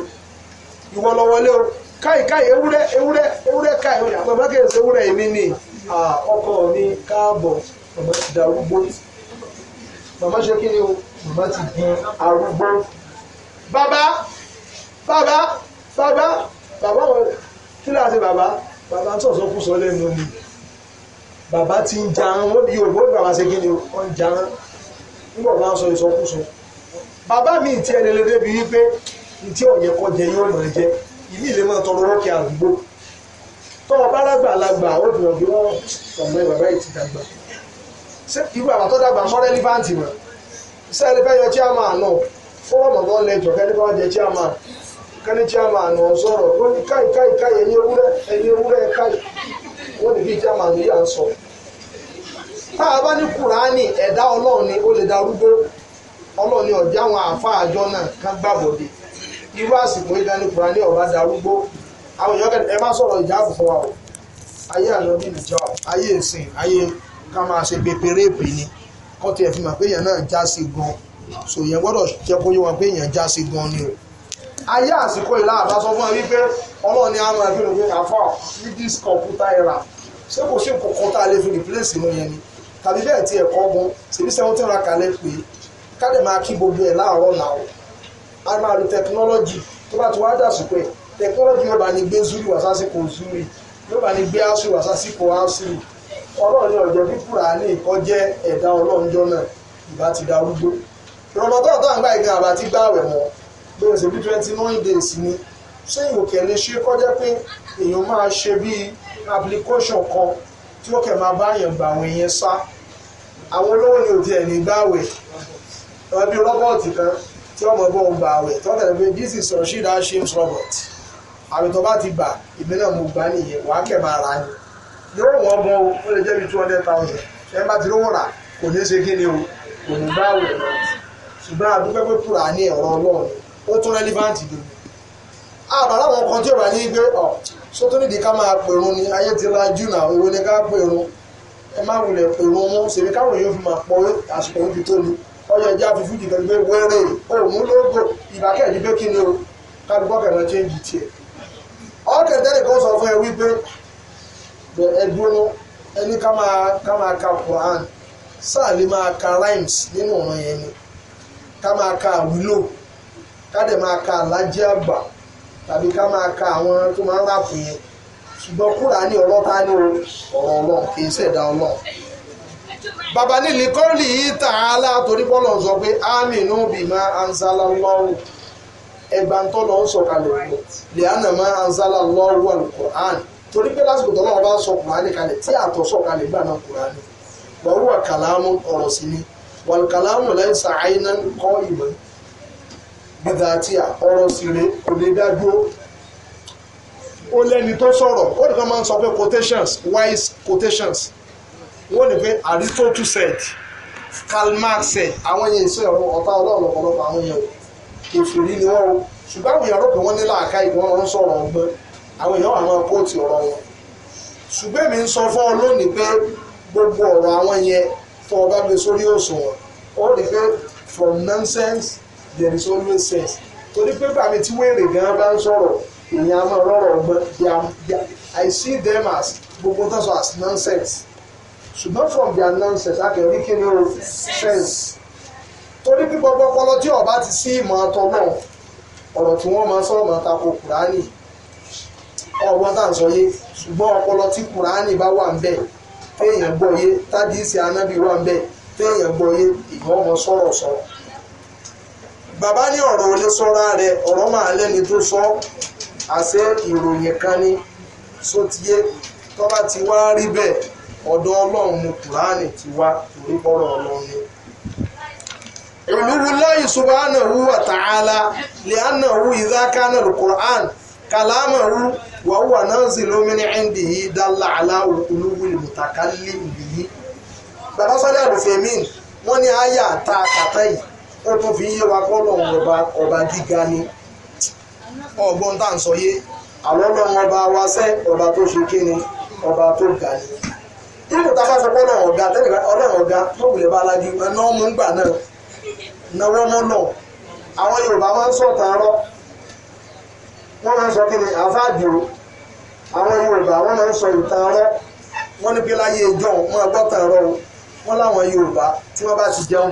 ìwọ lọ wọlé o káì káì ewúrẹ́ ewúrẹ́ ewúrẹ́ káì ó ní àpò bá kẹsẹ ewúrẹ́ èmi ni ọkọ mi káàbọ̀ màmá ti darúgbó màmá ṣe kí ni o màmá ti di arúgbó bàbá bàbá bàbá bàbá wọn kí ló àti bàbá bàbá ń sọ̀sọ́ kú sọ lẹ́nu ni bàbá ti ń jarun ó di yorùbá ó di bàbá ṣe kí ni o ó ń jarun nígbà wọn á sọ ìsọkúsọ bàbá mi ti ẹlẹ́lẹ́ débi wípé ntí ọ̀yẹ́ kọ́ jẹ yóò máa jẹ ìlú ìlé máa tọrọ rọ́ọ̀kì àdúgbò tọ́wọ́ bá lágbà lágbà ó dùn ọ̀gbìn wọn ọ̀gbìn bàbá yìí ti dàgbà ṣé irú àwọn tó dàgbà mọ́ rẹ́lífáǹtì mọ̀ ṣé ẹni fẹ́ yọ chairman náà fọwọ́ mọ̀gán lẹ́jọ́ kẹ́ni fẹ́ jẹ chairman kẹ́ni chairman náà sọ̀rọ̀ káì káì káì ẹ̀yin ewúrẹ́ ẹ̀yin ewúrẹ́ káì wọ́n ní bí chairman yìí à ń sọ̀rọ̀ tá a bá ní kùránì ẹ̀dá ọlọ́run ni ó lè darúgbó ọlọ́run ni ọ̀já àwọn àáfàá àjọ náà kán gbàbọ̀dé irú àsìkò ìgbà ní kùránì ọ̀bá darúgbó àwọn èèyàn kẹ́kẹ́ ẹ má sọ̀rọ̀ ìjáàbù fún wa o ayé àlọ́bí nìjọ ayé ìsìn ayé ká máa ṣe pépérépè ni kọ́ tiẹ̀ fi mọ̀ pé èèyàn náà já sí gan so èèyàn gbọ́dọ̀ jẹ́ kó yé wọn pé èèyàn já sí gan ni o ayé àsìkò ìlà àbá sọ fún ẹ wípé ọlọ́run ni àwọn ẹgbẹ́ rẹ̀ àfà ní disc computer era ṣé kò sí kòkòtà lè fi replace inú yẹn ni tàbí bẹ́ẹ̀ tí ẹ̀kọ́ gun ṣèbí sẹ́wọ́n tí wọ́n ra kalẹ̀ pé káde máa kí gbogbo ẹ̀ láàárọ̀ náà a máa lo tẹkinọ́lọ́jì tó bá ti wá dàsùpẹ́ tẹkinọ́lọ́jì yóò bá ní gbé zuri wá sásìkò zuri yóò bá ní gbé asuri wá sásìkò asuri ọlọ́run ní ọ̀jẹ̀ bí kùránì kọ́ jẹ́ ẹ̀dá ọlọ́run jọ náà ìbá ti darúgbó rọmọdọ́n tó à ń gbà ìgbà àbá ti gbààwẹ̀ mọ́ bẹ́ẹ̀ ṣe bí twenty nine days ni ṣé ìwòkè tí ó kẹ̀ máa bá àyàn gbà àwọn èèyàn sá àwọn olówó ni òdi ẹ̀ní gbáwẹ̀ wọn bí rọ́bọ̀tì kan tí ọmọ bọ́ ń gbàwẹ̀ tí wọ́n tẹ̀lé pé this is Rashid Hashim Robert àmì tó bá ti gbà èmi náà mo gbà nìyẹn wàá kẹ̀ máa ra ni yóò wọ́n bọ́ o ó lè jẹ́ bí two hundred thousand ẹ̀ bá ti rówó rà kò ní ṣe kí ni o kò ní gbáwẹ̀ ṣùgbọ́n àdúgbò pé kúrà ní ọ̀rọ̀ Ọlọ́run ó tún relevant dùn àbá láwọn kan tí ò bá ní gbé ọ̀ sótó nídìí ká máa pèrún ni ayé ti lajú náà èwo ni ká pèrún ẹ má wulẹ̀ èrò wọn ṣèlú káwọn yóò fi máa pọ̀ àsìkò níbi tó ni ọyọ ẹja fífi jìkan gbé wẹ́rẹ́ òun lógo ìbákẹ́ẹ̀dì pé kí ni o kálukọ́ kẹ̀mọ́ chéńjì tiẹ̀ ọ̀kẹ́ tẹ́lẹ̀ kan sọ fún ẹ wípé ẹdúró ẹni ká máa ká máa ka Quran sáà lè máa ka rhymes nínú ọ̀ràn yẹn ni ká máa ka àwílò ká dẹ̀ máa ka àlájẹ́ àgbà tàbí ká máa ka àwọn tó máa ń ràpù yẹn ṣùgbọ́n ní ọ̀rọ̀ ní ọ̀rọ̀ ọlọ́run kì í ṣẹ̀dá ọlọ́run. bàbá nílì kọ́ọ̀lì yìí tà á látòrí bọ́lọ̀ pé bì máa anzala Allahu ẹgbà ń tọ́lọ̀ ń anzala torí pé lásìkò bá tí àtọ̀ sọ̀kalẹ̀ gbà náà kùránì kàlámù ọ̀rọ̀ sí ni ọ̀rọ̀ sí kò dá ó lẹ́ni tó sọ̀rọ̀ ó nìkan máa ń sọ pé quotations wise quotations wọ́n ní pé Aristotle said Karl Marx said àwọn yẹn ìṣe ọ̀rọ̀ ọ̀tá ọlọ́run ọ̀pọ̀lọpọ̀ àwọn yẹn kẹfìrí ni wọ́n o ṣùgbọ́n àwọn èèyàn rò pé wọ́n ní láàká ìgbọ́n wọn sọ̀rọ̀ ọgbọ́n àwọn èèyàn àwọn kóòtù ọ̀rọ̀ wọn ṣùgbọ́n èmi ń sọ fún ọ lónìí pé gbogbo ọ̀rọ̀ àwọn yẹn tó o bá gbé sórí òṣùwọ̀n ó rí pé from nonsense there is always sense torí pé bàbá tí wọ́n èrè gan bá ń sọ̀rọ̀ ìyẹn a máa rọrọ I see them as gbogbo tó sọ as nonsense ṣùgbọ́n from their nonsense a kàn rí kí ni o sense torí pípọ̀ pọpọlọ tí ọba ti sí ìmọ̀ ọtọ náà ọ̀rọ̀ tí wọ́n máa sọ ọmọ tako kùránì ọgbọ́n tá à ń sọ yé ṣùgbọ́n ọpọlọ tí kùránì bá wà ń bẹ̀ téèyàn gbọ́ yé tádìsí anábì wà ń bẹ̀ téèyàn gbọ́ yé ìwọ́n mọ sọ̀rọ̀ sọ. bàbá ní ọ̀rọ̀ olè sọ́ra rẹ̀ ọ̀rọ̀ máa lẹ́ni tó sọ àṣẹ ìròyìn kan ní sótìyé tó ti wá rí bẹ́ẹ̀ ọ̀dọ̀ ọlọ́run mu kùránì ti wá torí bọ́rọ̀ ọlọ́run ni. Uluwullahi subhanahu wa ta'ala li'annahu idha kana al-Qur'an kalamahu wa huwa nazilu ala uluwil mutakallim bihi. Bàbá Sọ́lá wọ́n ní yìí ó tún fi yé wa ọba gíga ni. ọgbọ́n tá à ń sọ yé àlọ́ ọba wa sẹ́ ọba tó ṣe kí ọba tó ga ni ta bá sọ pé ọ̀gá tẹ́lẹ̀ ọlọ́run ọ̀gá mọ̀wùlẹ̀ bá alájú ẹ̀nà ọmọ ńgbà náà náwó mọ́ náà àwọn Yorùbá máa ń sọ máa ń sọ kí ni àfáàdìrò àwọn Yorùbá wọ́n máa ń sọ ní láyé wọn gbọ́ o láwọn Yorùbá tí bá ti jẹun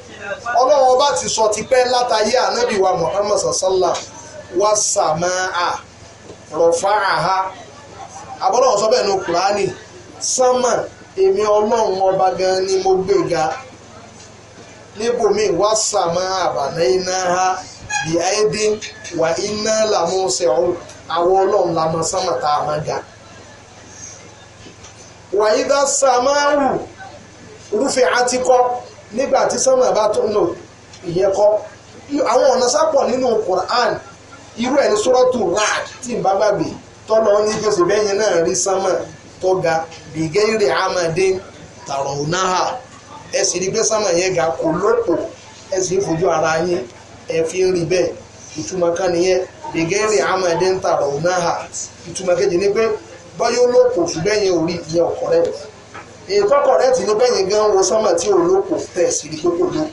ọlọ́run ọba ti sọ tipẹ́ látàyé ànábì wa sallam wa sàmáà rọ̀fà àhá àbọ̀lọ́run sọ bẹ́ẹ̀ ní kùránì sánmà èmi ọlọ́run ọba gan ni mo gbé ga níbòmí wa sàmáà àbànà iná ha bí àìdí wà iná làwọn ọsẹ àwọn ọlọ́run la sánmà tá a ga wàyí dá nígbà tí sánmà bá tó nù ìyẹn kọ́ àwọn ọ̀nà sápọ̀ nínú Quran irú ẹ̀ ní sọ́rọ́tù rad tí n bá gbàgbé tọ́lọ́ ní jọ́sìn bẹ́yìn náà rí sánmà tó ga bìgẹ́rì amadé tààrọ̀ onáhà ẹ sì rí pé sánmà yẹn ga kò lópò ẹ sì ń fojú ara yín ẹ fi ń rí bẹ́ẹ̀ ìtumọ̀ kan nìyẹn bìgẹ́rì amadé tààrọ̀ onáhà ìtumọ̀ kejì ni pé ìyẹn ọ̀kọ́rẹ́ ètò kọ̀rẹ́ẹ̀tì ní bẹ́yìn gan wo sánmà tí olóko tẹ̀ sí ibi tó kò lóko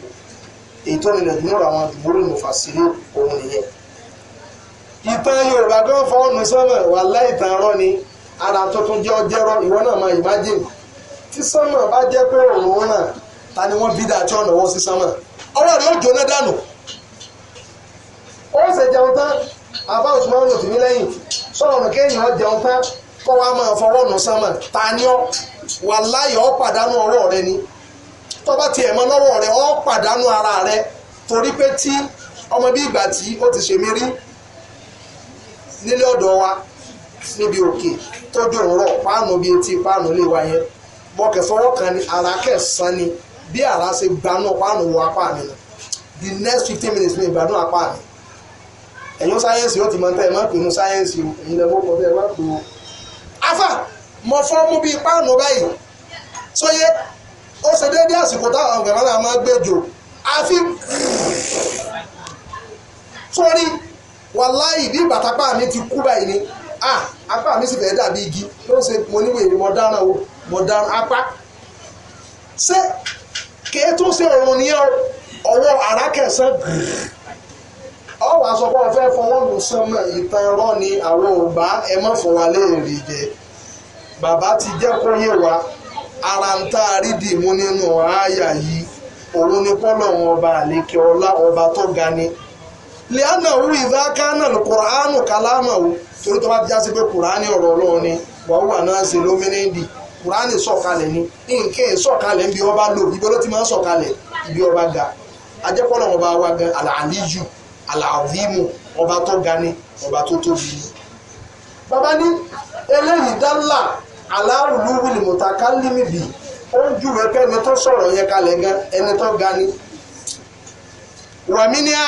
ètò ìrìnà ìdúró àwọn àdúgbò ní fàṣírí òun nìyẹn. ìtàn yorùbá gan fọwọ́ nu sánmà wà láì tàn rọ́ ni ara tuntun jẹ́ ọjẹ́rọ́ ìwọ náà máa imagine tí sánmà bá jẹ́ pé òun náà ta ni wọ́n bí dáa tí ọ̀nà wọ́n sí sánmà ọ̀rọ̀ rẹ̀ ó jóná dànù ó sì jẹun tán àbá òṣùmọ́ wàláhì ọ́ pàdánù ọ̀rọ̀ rẹ ni tó bá tiẹ̀ mọ́ lọ́rọ̀ rẹ ọ́ pàdánù ara rẹ torí pé tí ọmọ bí ìgbà tí ó ti ṣe mí rí nílé ọ̀dọ̀ wa níbi òkè tọ́jú òrọ̀ páànù bíi etí páànù lè wáyé bọ́kẹ̀ fọwọ́ kan ni ara kẹsàn-án ni bí ara ṣe gbanú páànù wọ apá mi nù the next fifteen minutes mi ìgbàdún apá mi ẹ̀yin sáyẹ́nsì ó ti mọ̀ tẹ́ ẹ má pinnu sáyẹ́nsì ìyìnlẹ̀ mọ́kọ́ tẹ́ ẹ má pinnu mo fọ́ mú bíi páànù báyìí sóyè ó ṣe déédé àsìkò táwọn ọ̀gbẹ̀rún náà máa gbẹ́jọ àfi sórí wàláì bí bàtàpá mi ti kú báyìí ni ah apá mi sì fẹ́ dàbí igi tó ń ṣe mo níwèé mo dáná o mo dáná apá ṣé kèé tó ṣe ọ̀run ní ọwọ́ àrákẹ̀sán ọ wàá sọ pé ọ fẹ́ fọwọ́ lù sánmọ̀ ìtàn ẹ̀rọ ni àwọn ò bá ẹ mọ̀ fún wa léèrè jẹ́ bàbá ti jẹ́ kó yé wa ara ń tá a rí dìmú nínú àáyà yìí òun ni kọ́lọ́hún ọba àlékè ọlá ọba tó ga ni lẹ́yìnà orí ìdáká náà ní kùránù kálámà o torí tó bá ti já sí pé kùránì ọ̀rọ̀ ọlọ́run ni wàhùwà náà ṣe lómìnirindì kùránì sọ̀kalẹ̀ ni nǹkan sọ̀kalẹ̀ ń bí ọba lò ibi ló ti máa ń sọ̀kalẹ̀ ibi ọba ga ajẹ́kọ́lọ̀ ọba wa gan àlàálíjù àlàáfíìmù ọba tó ga ni ọba tó tóbi ni. bàbá ní eléyìí dá ńlá aláàrùlú wílì mùtàkálímì bì ó ń júwèé pé ẹni tó sọ̀rọ̀ yẹn kalẹ̀ gan ẹni gani. ga ni. wàmíníà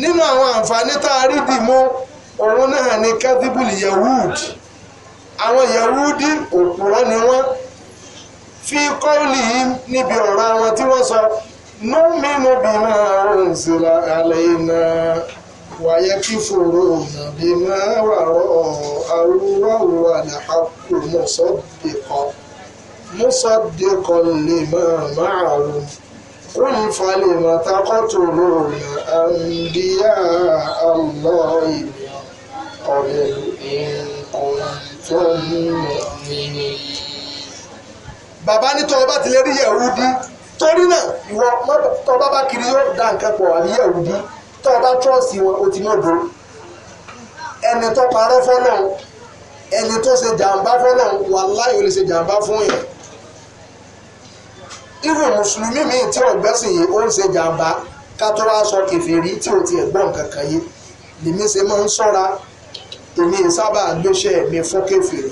nínú àwọn àǹfààní tá a rí dì mú òun náà ni kẹ́tíbùlì yehud ni fi kọ́ọ̀lì yìí níbi ọ̀rọ̀ àwọn tí wọ́n sọ nùmínú bímọ àrùn sílẹ̀ yìí náà. ويكفرون بما وراءه وهو الحق مصدقا مصدقا لما معهم قل فلم تقتلون أنبياء الله قبل إن كنتم مؤمنين bàbá ní tọ́ ọba tìlérí yẹ̀wù torí náà ìwọ tọ́ bá kiri yóò dá nǹkan pọ̀ tó o bá trọ́ọ̀sì wọn o ti mọ̀ dùn ẹni tó parọ́ fọ́nà ẹni tó ṣe jàǹbá fọ́nà wàláhì ó lè ṣe jàǹbá fún yẹn irú mùsùlùmí míì tí ò gbẹ́sìn yìí ó ń ṣe jàǹbá ká tó wá sọ kèfèrí tí ò tiẹ̀ gbọ́n kankan yìí lèmi ṣe máa ń ṣọ́ra èmi sábà gbéṣẹ́ mi fún kèfèrí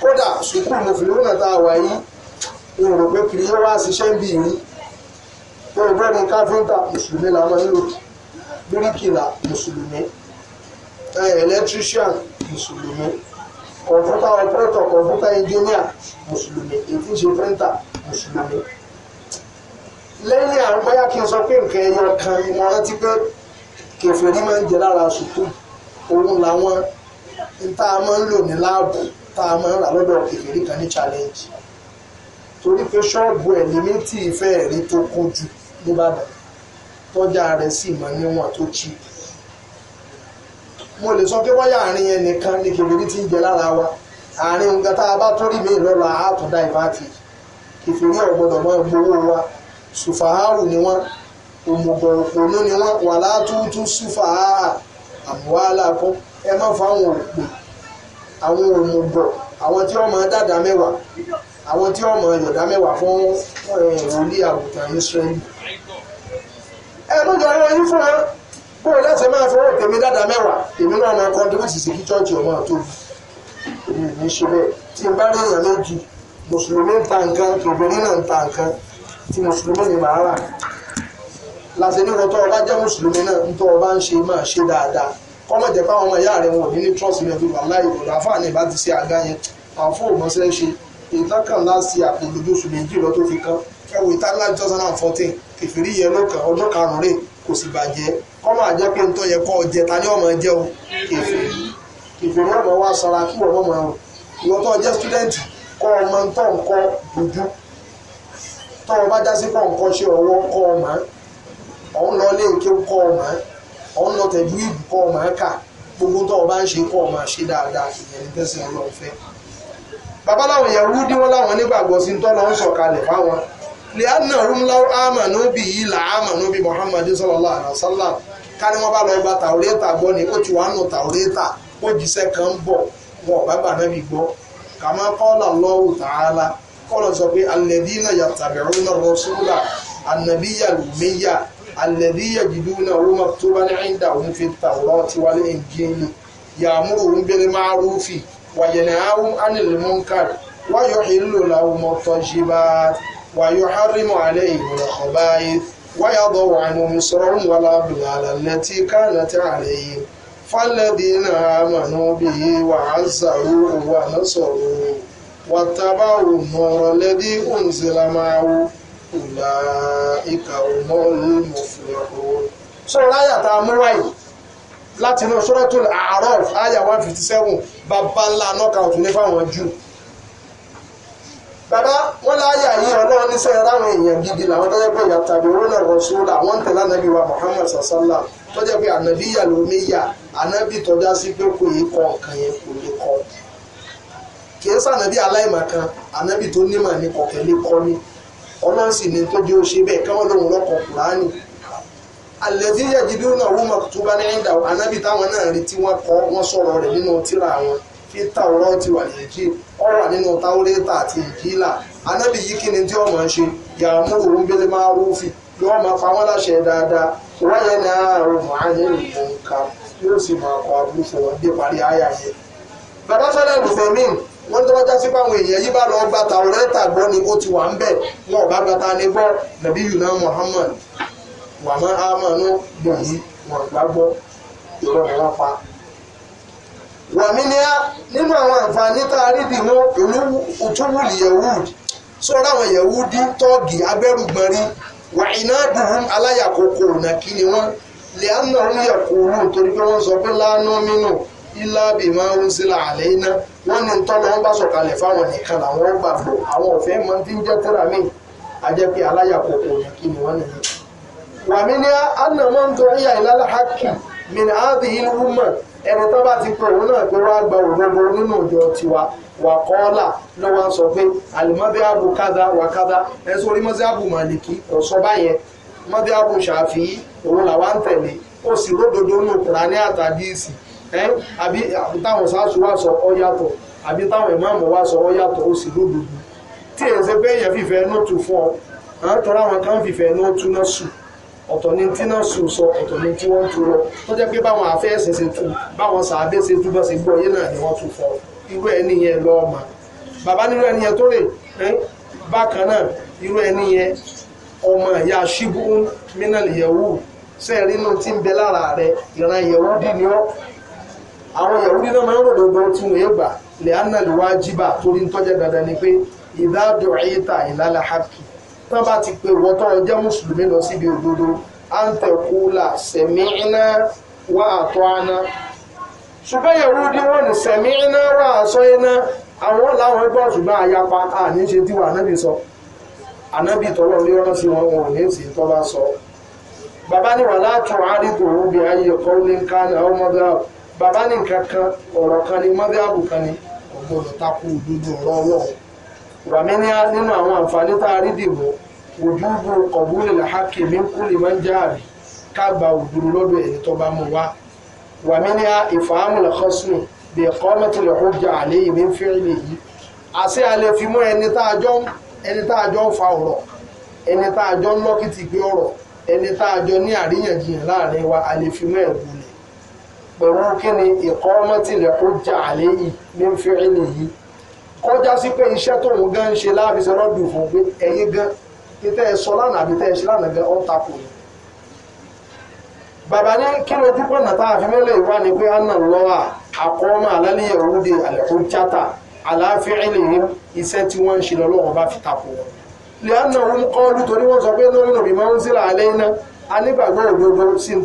kódà sùkúù mùsùlùmí náà tá a wà yìí n ò rò pé kiri wá ṣiṣẹ́ ń yìí òwúrọ̀ ní káfíńtà mùsùlùmí la máa ń lò bíríkìlà mùsùlùmí electrician mùsùlùmí kọ̀ǹpútà operator kọ̀ǹpútà engineer mùsùlùmí èyí ṣe printer mùsùlùmí. lẹ́yìn àwọn bóyá kí n sọ pé nǹkan ẹyọ kan ni mo rántí pé kẹfẹ́rí máa ń jẹ lára sùkúù òun làwọn tá a máa ń lò ní láàbù tá a máa ń rà lọ́dọ̀ kẹfẹ́rí kan ní challenge torí pé ṣọ́ọ̀bù ẹ̀ lèmi tí ìfẹ́ rí tó kún jù nìbàdàn tọ́jà rẹ̀ sì mọ níwọ̀n tó cheap mo lè sọ pé bọ́yá àárín ẹnìkan ni kèfèrí ti ń jẹ lára wa àárín nǹkan tá a bá tó rí mi lọ́la àátúndá ìfàtì kèfèrí ọ̀gbọ́dọ̀ mọ́ gbowó wa sùfàárù ni wọ́n òmùgọ̀ òpònú ni wọ́n wà látúntún sùfàá àmúwálà kọ́ ẹ má fáwọn òpè àwọn òmùgọ̀ àwọn tí wọ́n máa dàdá mẹ́wàá àwọn tí wọ́n máa yọ̀dá mẹ́wàá fún eh, wòlíì àgùntàn Ísírẹ́lì ẹnu jọ ẹran yín fún ẹ bó o lẹsẹ máa fọwọ́ tèmi dáadáa mẹ́wàá èmi náà máa kọ́ ọdún sísè kí chọ́ọ̀chì ọmọ àtó èmi ò ní ṣe bẹ́ẹ̀ tí n bá rí èèyàn méjì mùsùlùmí ń ta nǹkan obìnrin náà ń ta nǹkan tí mùsùlùmí ni màá rà láti ní ìwọ́tọ́ ọba jẹ́ mùsùlùmí náà ń tọ́ ọba ń ṣe máa ṣe dáadáa kọ́mọ̀ jẹ́ pé àwọn ọmọ ìyá rẹ̀ wọn ò ní ní trọ́ọ̀sì rẹ̀ bíi wàhálà ìrọ̀lá fáàní ìbá ti ṣe àga yẹn àwọn fóònù mọ́sẹ́ ṣe ìtàn kan láti àpò ìdójúṣù méjì lọ tó kẹfìrí yẹn ọdún karùn-ún rè kò sì bàjẹ́ kọ́ je jẹ́ pé yẹ kọ́ ọ jẹ ta ni ọmọ jẹ o kẹfìrí kẹfìrí ọmọ wa sara kí ọmọ mọ̀ ọ́ ìwọ́n tó jẹ́ kọ kọ́ ọmọ ntọ́ nǹkan dúdú tọ́ ọ bá jásí kọ́ ṣe ọwọ́ kọ́ ọmọ ọ̀hún lọ òkè kọ́ ọmọ ọ̀hún lọ gbogbo bá ń ṣe kọ́ ọmọ ṣe dáadáa ìyẹn lẹ́yìn rúmúláwọ́ àmànú bí yìí là àmànú bí Muhammad sallallahu alayhi wa sallam ká ní wọ́n bá lọ gba tàwórẹ́tà gbọ́ ni ó ti wà nù tàwórẹ́tà ó jíṣẹ́ kan ń bọ̀ wọn ò bá gbà náà bí gbọ́ kàmá qala Allahu ta'ala kọ́lọ̀ sọ pé alladhina yattabi'una ar-rasula an-nabiyya al-ummiyya alladhi yajidunahu maktuban 'indahum fi at-tawrati wal-injili ya'muruhum bil ويحرم عليهم الخبائث ويضع عنهم إصرهم والأغلال التي كانت عليه فالذين آمنوا به وعزروه ونصروه واتبعوا النور الذي أنزل معه أولئك هم المفلحون sọ̀rọ̀ láyà tá a mú láti inú Suratul A'raf àyà one bàbá ńlá knockout ní fáwọn Júù bàbá wọn láàyà yìí ọlọ́run níṣẹ́ ráwọn èèyàn gidi làwọn tó jẹ́ pé yàtà ìwúrò náà rọ̀ṣù làwọn ń tẹ̀lé ànábì wa Muhammad sàṣálà tó jẹ́ pé ànábì yà ló mí yà ànábì tọ́já sí pé kò yí kọ nǹkan yẹn kò lè kọ. kì í sànábì aláìmọ̀kan tó nímọ̀ ní kọ̀kẹ́ lè kọ́ ni ọlọ́run sì ní tó jẹ́ ó káwọn lòun lọ́kọ̀ kùránì àlẹ́tí yẹ̀jì bí ó náà wú mọ̀kútúbá ní ẹ̀ńdà ànábì táwọn náà retí wọn kọ́ wọn sọ̀rọ̀ rẹ̀ nínú tíra wọn fita ọ̀rọ̀ ti wà yẹ̀jì ọ̀rọ̀ nínú táwọ́lẹ́tà àti ìjìlá anábì yìí kí ni tí ọmọ ń ṣe yàmú òun bẹ́lẹ̀ máa rúfì yóò máa pa wọ́n láṣẹ dáadáa wáyé ní àárọ̀ yóò sì máa kọ dé parí àyà yẹn. bàbá sọ́lá lùfẹ̀mín wọ́n tó bá já sí báwọn èèyàn yìí bá lọ gba Muhammad wàmọ́ àmọ́ wọn gbàgbọ́ wàmíníà nínú àwọn àǹfààní tá a rí bí wọn olúwùtúwùlì yahud sọ̀rọ̀ àwọn yahudi tọ́ọ̀gì abẹ́rùgbọ̀nrí wà iná dùnún aláyàkókò ọ̀nà kí ni wọ́n lè àná orí ẹ̀kọ́ olú torí pé wọ́n sọ pé láàánú mínú ilá bì máa ń sílà àlẹ́ iná wọ́n ní tọ́lọ́ wọn bá sọ̀kalẹ̀ fáwọn nìkan làwọn gbàgbọ́ àwọn ọ̀fẹ́ mọ tí ń jẹ́ tẹ́ra ajẹ́ pé aláyàkókò kí ni nìyẹn àná mọ́ ń ẹni tó bá ti pé òun náà pé wá gba òrobo nínú ìjọ tiwa wà kọ́ọ́là lọ́wọ́ sọ pé àlùmọ́bí àbù kádà wà kádà ẹ sọ orí mọ́sí àbù màlìkì ọ̀sọ́ báyẹn mọ́bí àbù ṣàfihì òun làwa ń tẹ̀lé ó sì ródodo nù kùránì àtàdíìsì ẹ àbí táwọn sáàsù wà sọ ọ yàtọ̀ àbí táwọn ìmáàmù wà sọ ọ yàtọ̀ ó sì ródodo tí èsè pé èèyàn fìfẹ́ nóòtù fún ọ àwọn tọ́ra àwọn kan fìfẹ́ nóòtù náà sùn ọ̀tọ̀ tí náà sùn sọ ọ̀tọ̀ tí wọ́n tu rọ tó jẹ́ pé báwọn àfẹ́sìn ṣe tu báwọn sàádé ṣe tu bá ṣe gbọ́ yé náà ni wọ́n tu fọ irú ẹni yẹn lọ́ọ́ bàbá nírú tó bákan náà irú ẹni yẹn ọmọ ìyá mínà sẹ́ẹ̀rí inú tí ń bẹ lára rẹ ìran dì ní ọ́ àwọn dì náà máa ń tán bá ti pè wọ́n tán jẹ́ mùsùlùmí lọ síbi òdodo àǹtẹ̀kùlà sẹ̀míìnà wà àtọ́ àná ṣùgbọ́n Yẹhudi wọ́n ni sẹ̀míìnà wà àṣọ iná àwọn làwọn gbọ́ ṣùgbọ́n àyapa àní ṣe tí wà ànábì sọ ànábì tọ́lọ́ ní ọ̀rọ̀ sí wọn wọn ní èsì tọ́ bá sọ bàbá ní wàhálà tó àdìgbò rúbi ayé ẹ̀kọ́ ní nǹkan àwọn mọ́bí bàbá ní nǹkan kan ọ̀rọ̀ kan ní mọ́bí kan ní ọ̀gbọ́n takú òdodo ọ̀rọ̀ ọlọ́run wàmí ní nínú àwọn àǹfààní tá a rí dìbò ojúbù kọ̀bùlẹ̀ làhákì mí kú lè máa ń já àrí ká gba òdúró lọ́dọ̀ ẹ̀yìn tó bá mú wa wàmí ní ìfàámù lẹ́kọ́sùn bí ẹ̀kọ́ mẹ́tìlẹ̀ ó jà àlẹ́ yìí mí fi rí yìí àṣẹ alẹ́ fi mọ́ ẹni tá a jọ ń fa ọ̀rọ̀ ẹni tá a jọ lọ́kìtì gbé ọ̀rọ̀ ẹni tá a jọ ní àríyànjiyàn láàrin wa alẹ́ fi mọ́ ẹ̀gbọ́n pẹ̀lú kí ni mẹ́tìlẹ̀ ó jà àlẹ́ yìí mí fi rí yìí kọjá sí pé iṣẹ́ tó ń gan ṣe láàbí ṣe rọ́bì fún pé ẹ̀yin gan títẹ́ ẹ sọ lánàá àbí tẹ́ ẹ ṣe lánàá gan ọ̀tá kò ní. bàbá ní kí ló dúpọ̀ náà tá a fi mẹ́lẹ̀ ìwá ni pé anna lọ́wà àkọ́ọ́mọ́ alálẹ́yẹ̀ òwúde àlẹ́kùn chata iṣẹ́ tí wọ́n ń ṣe lọ́wọ́ bá fi takò wọn. lè anna òun kọ́ ọdún torí wọ́n sọ pé lórí òbí máa ń iná òdodo sí ń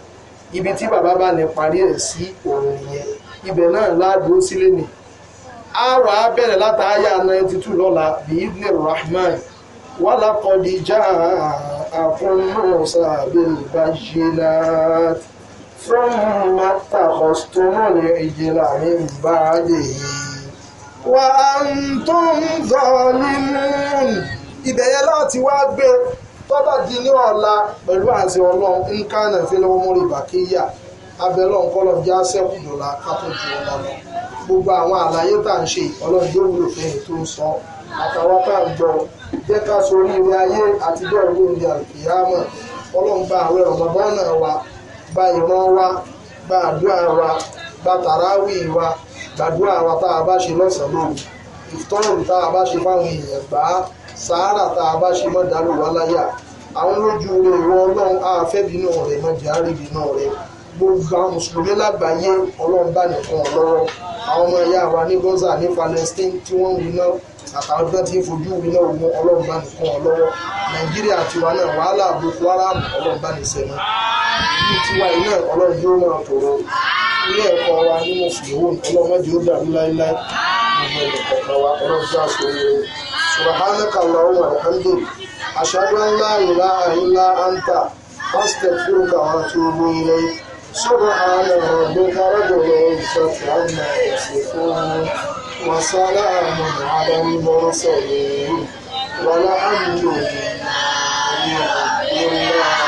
ibi tí bàbá bá ní parí ẹ̀ sí òun nìyẹn ibẹ̀ náà ládùú sílé ni àrà bẹ̀rẹ̀ látàáyà 92 lọ́la bíi ibn rahman walaqad ja'akum Musa bil bayyinat thumma ittakhadhtumul ijla min ba'dihi wa antum zalimun ibẹ̀ yẹn láti wá gbé tọ́ba di ní ọ̀la pẹ̀lú àti ọlọ́run nǹkan náà fi lọ́wọ́ mọ́rí bàkíyà abẹ́lọ́ nǹkọ́lọ́ já sẹ́kù dọ̀la kátójú ọ̀la lọ gbogbo àwọn àlàyé tá à ń ṣe ọlọ́run yóò wúlò fẹ́yìn tó ń sọ àtàwọn tá à ń jọ jẹ́ ká sórí ilé ayé àti bẹ́ẹ̀ ló ń di àlùkìyàmọ̀ ọlọ́run bá àwẹ̀ ọ̀mọ̀bá náà wa bá ìran wa bá àdúrà wa bá tàràwì wa gbàdúrà wa tá a bá ṣe lọ́sàn-án sàárà tá a bá ṣe mọ́ dàrú wá láyà àwọn lójú ìwọ ọlọ́run àfẹ́bínú rẹ̀ mọ́jà àríbínú rẹ̀ gbogbo àwọn mùsùlùmí lágbàáyé ọlọ́run bá nìkan ọlọ́rọ̀ àwọn ọmọ ẹ̀yà wa ní Gaza ní Palestine tí wọ́n wí náà àtàwọn tó ti fojú wí náà wọn ọlọ́run bá nìkan ọlọ́rọ̀ Nàìjíríà tiwa náà wàhálà Boko Haram ọlọ́run bá ní sẹ́nu ní tiwa iná ọlọ́run yóò máa tòrò ilé ẹ̀kọ́ wa ní mùsùlùmí ọlọ́run mọ́jọ́ dàrú láéláé gbogbo ẹ̀kọ́ subhanaka allahumma wa bihamdik ashhadu an la ilaha illa anta astaghfiruka wa atubu ilayk سبحان ربك رب العزة عما يصفون وسلام على المرسلين والحمد لله